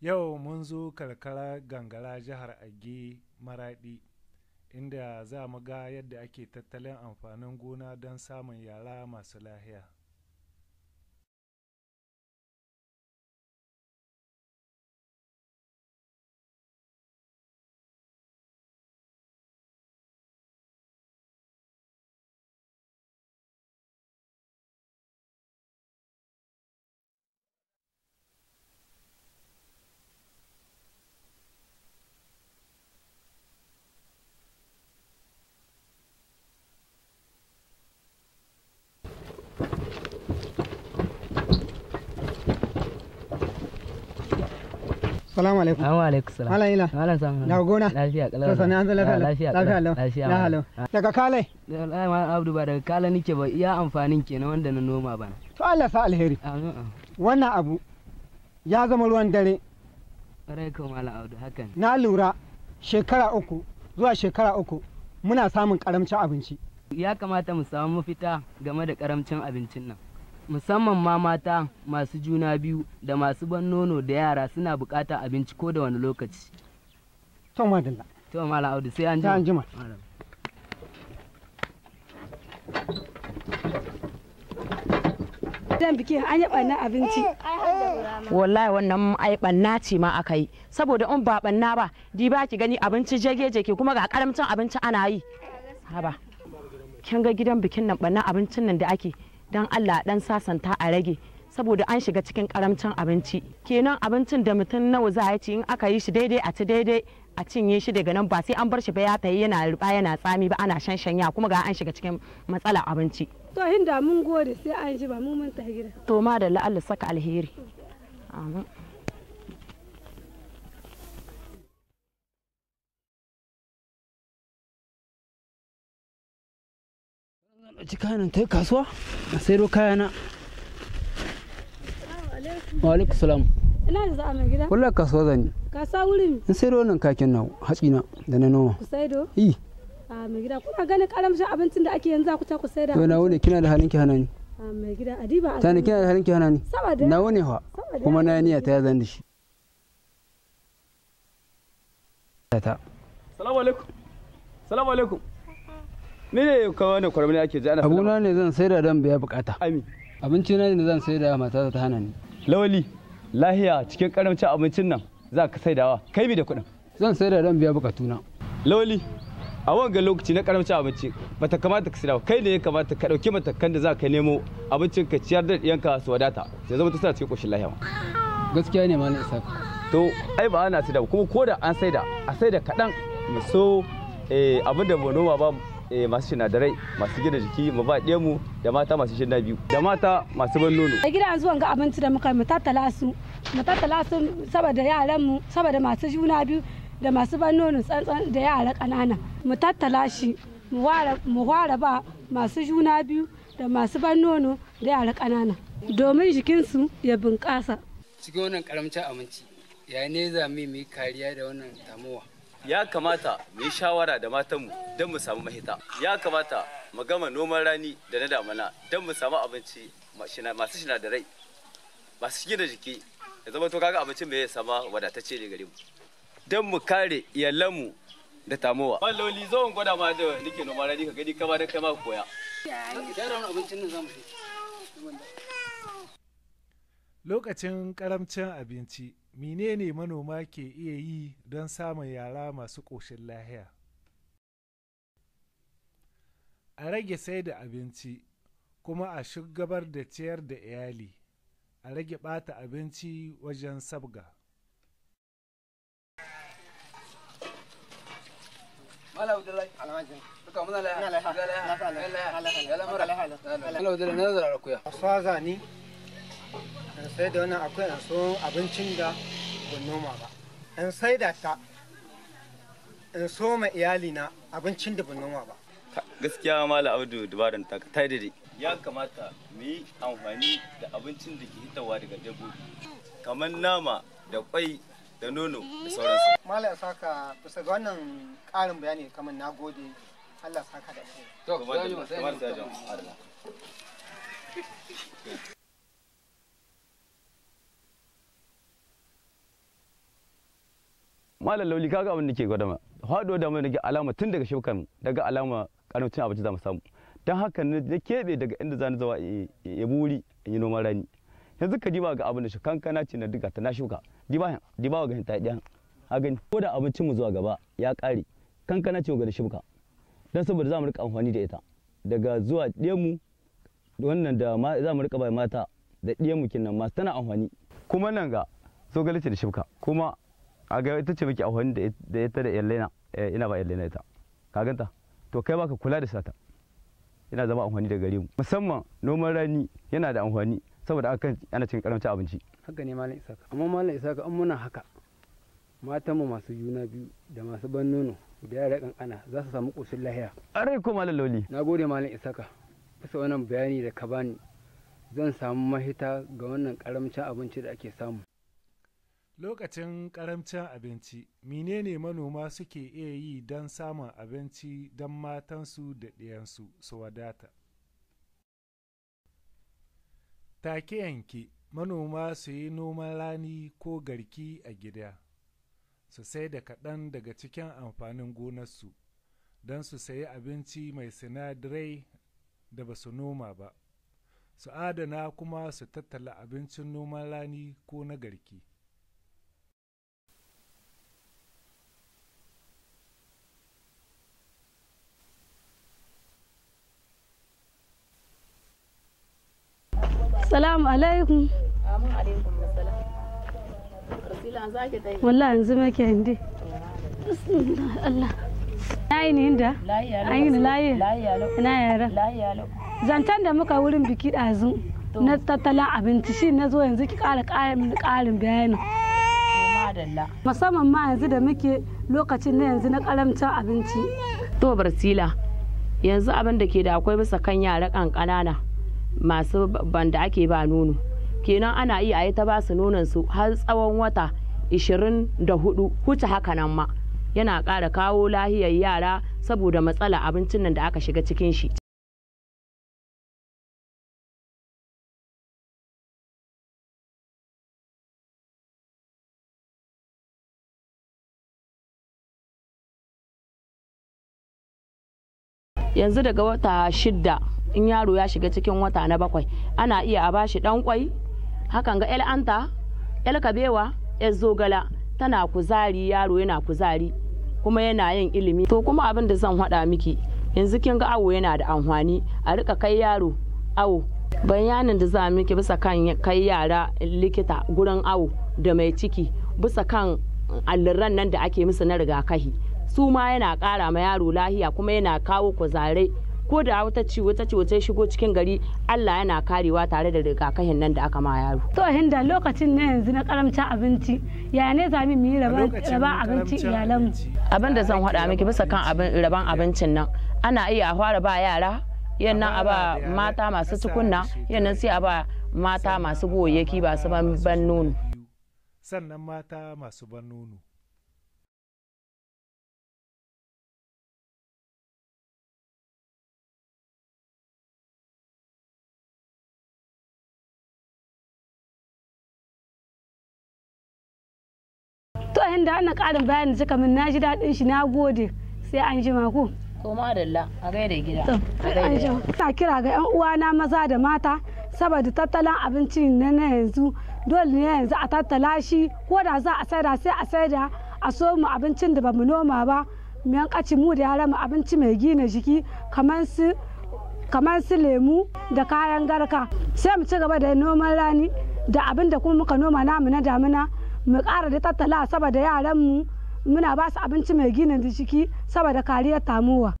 yau mun zo karkara gangara jihar age maradi inda za mu ga yadda ake tattalin amfanin gona don samun yara masu lahiya Salamu alaikum. Salamu alaikum salam. Malam ila. Malam samu. Daga gona. Lafiya kalau. Sosai an zala lafiya. Ah, lafiya Lafiya lau. Ah. Daga kalai. Eh, malam Abdu ba daga kalai nike ba iya amfanin kenan wanda na noma bana. To Allah sa alheri. Ah, Wannan abu ya zama ruwan dare. Rai ko Abdu hakan. Na lura shekara uku zuwa shekara uku muna samun karamcin abinci. Ya kamata mu samu mafita game da karamcin abincin nan. musamman ma mata masu juna biyu da masu ban nono da yara suna bukatar abinci ko da wani lokaci. To madalla. To malam Audu sai an jima. Sai an jima. Dan biki an yi ɓanna abinci. Wallahi wannan ai ɓanna ce ma aka yi. Saboda in ba ɓanna ba, di ba ki gani abinci jege-jege kuma ga karamcin abinci ana yi. Haba. Kin ga gidan bikin nan ɓanna abincin nan da ake. don allah dan sasanta a rage saboda an shiga cikin karamcin abinci kenan abincin da mutum nawa za ya ci in aka yi shi daidai a ci daidai a cinye shi daga nan ba sai an bar shi ba ya tayi yana ruba yana tsami ba ana shan shanya kuma ga an shiga cikin matsala abinci to mun gode sai an ji ba mun mun ta gida to ma da la'alla saka alheri amin ci kayan ta kasuwa a sayar wa alaikum salam ina da za'a mai gida kasuwa zan yi kasuwa wurin in sayar wannan kakin na hatsi na da na noma ku saido eh a mai gida kuna ganin abincin da ake yanzu ku ta ku saida na wune kina da halin hana ni a mai gida adiba kina da hana ni na wune fa kuma na niyya ta zan da shi salamu alaikum salamu alaikum ni ne kawai ne kwarmi ake zana abuna ne zan saida dan biya bukata ami abinci na ne zan saida mata ta hana ni lawali lahiya cikin karamcin abincin nan za ka saidawa kai bi da kuɗin zan saida dan biya bukatuna lawali a wanga lokaci na karamcin abinci bata kamata ka saidawa kai ne ya kamata ka dauki matakan da za ka nemo abincin ka ciyar da ɗiyanka su wadata ya zama ta suna cikin ƙoshin lahiya gaskiya ne ma na isa to ai ba ana saida kuma ko da an saida a saida kaɗan so eh, abin da ba noma ba Eh, masu sinadarai masu gina jiki mu ba mu da mata masu shinna biyu da mata masu ban nono a gidan zuwan ga abinci da muka mu tattala su mu tattala su saboda yaran mu saboda masu juna biyu da masu ban nono tsantsan da yara kanana mu tattala shi mu ware ba masu juna biyu da masu ban nono da yara kanana domin jikinsu ya bunƙasa cikin wannan karamcin abinci ya ne za mu yi kariya da wannan tamuwa ya kamata mu yi shawara da matanmu don mu samu mahita ya kamata mu gama noman rani da na damana don mu samu abinci masu sinadarai masu da jiki ya zama to kaga abincin mai sama wadatacce ne gare mu don mu kare iyalanmu da tamowa malloli zo in gwada ma da nake noman rani ka gani kama da kai koya lokacin karamcin abinci menene manoma ke iya yi don samun yara masu ƙoshin lahiya a rage sai da abinci kuma a shugabar da ciyar da iyali a rage bata abinci wajen sabga Mala in sai da wannan akwai in so abincin da ban noma ba in sai da ta in so ma iyalina abincin da ban noma ba gaskiya mala abdu dubaran ta ta dade ya kamata mu yi amfani da abincin da ke hitawa daga dabbobi kamar nama da kwai da nono da sauransu mala ya saka bisa ga wannan karin bayani kamar na gode Allah saka da kai to kamar da kamar da Allah malam lauli kaga abin da ke gwada ma hado da mai nake alama tun daga shukan daga alama karancin abinci za mu samu don haka na kebe daga inda zani zawa ya buri in yi noman rani yanzu ka diba ga abin da shukan kana ce na duka ta na shuka diba diba ga hinta ɗiyan a gani ko da abincin mu zuwa gaba ya ƙare kankana ce wa da shuka don saboda za mu rika amfani da ita daga zuwa ɗemu wannan da za mu rika bai mata da ɗemu kinan masu tana amfani kuma nan ga zogale ce da shuka kuma kaga ita ce muke amfani da ita da yallena eh, ina ba yallena ita ka ganta to kai baka kula da sata yana zama amfani da gare mu musamman noman rani yana da amfani saboda akan ana cikin karancin abinci haka ne malam isaka amma malam isaka an muna haka matanmu masu juna biyu da masu ban nono da yara kankana za su samu kusin lahiya arai ko malam lauli na gode malam isaka bisa wannan bayani da ka bani zan samu mahita ga wannan karamcin abinci da ake samu lokacin karamcin abinci menene manoma suke iya yi don samun abinci don matansu da ɗiyansu su wadata take yanke manoma su yi noman rani ko garki a gida su sai da kaɗan daga cikin amfanin gonarsu don su sayi abinci mai sinadarai da ba su noma ba su adana kuma su tattala abincin noman rani ko na garki salamu alaikum wallahi yanzu muke indi Allah na yi ni inda an yi ni layi ina yara zantan da muka wurin biki ɗazu na tattalin abinci shi na zo yanzu ki ƙara ƙarin bayani musamman ma yanzu da muke lokacin na yanzu na karamcin abinci to barsila yanzu abin da ke da akwai bisa kan yara ƙanƙanana masu banda ake ba nono kenan ana iya yi ta ba su nonon su har tsawon wata 24 huce haka nan ma yana ƙara kawo lahiyar yara saboda matsala abincin nan da aka shiga cikin shi yanzu daga wata shidda in yaro ya shiga cikin wata na bakwai ana iya a bashi dan kwai hakan ga anta el kabewa el zogala tana kuzari yaro yana kuzari kuma yana yin ilimi to kuma abin da zan haɗa miki yanzu kin ga awo yana da amfani a rika kai yaro awo bayanin da za miki bisa kan kai yara likita gurin awo da mai ciki bisa kan alluran nan da ake musu na rigakahi su ma yana kara ma yaro lahiya kuma yana kawo kuzarai ko da wata ce wata ciwo ta shigo cikin gari Allah yana karewa tare da rigakafin nan da aka ma yaro to hinda lokacin ne yanzu na karamcin abinci ya ne za mu yi raban abinci iyalanmu abin da zan faɗa miki bisa kan raban abincin nan ana iya a fara ba yara yannan a ba mata masu tukunna yannan sai a ba mata masu goyayyaki ba su ban nono sannan mata masu ban nono yau da wannan karin bayani suka min na ji daɗin shi na gode sai an ku. To madalla a gaida gida. Ina kira ga 'yan uwana maza da mata saboda tattalin abinci na na yanzu dole ne yanzu a tattala shi ko da za a saida sai a saida a so mu abincin da bamu noma ba mu yankaci mu da yara mu abinci mai gina jiki kamar su kamar su lemu da kayan garka sai mu ci gaba da noman rani da abin da kuma muka noma namu na damina mu ƙara da tattala saboda yaranmu muna ba su abinci mai gina jiki saboda kariyar tamowa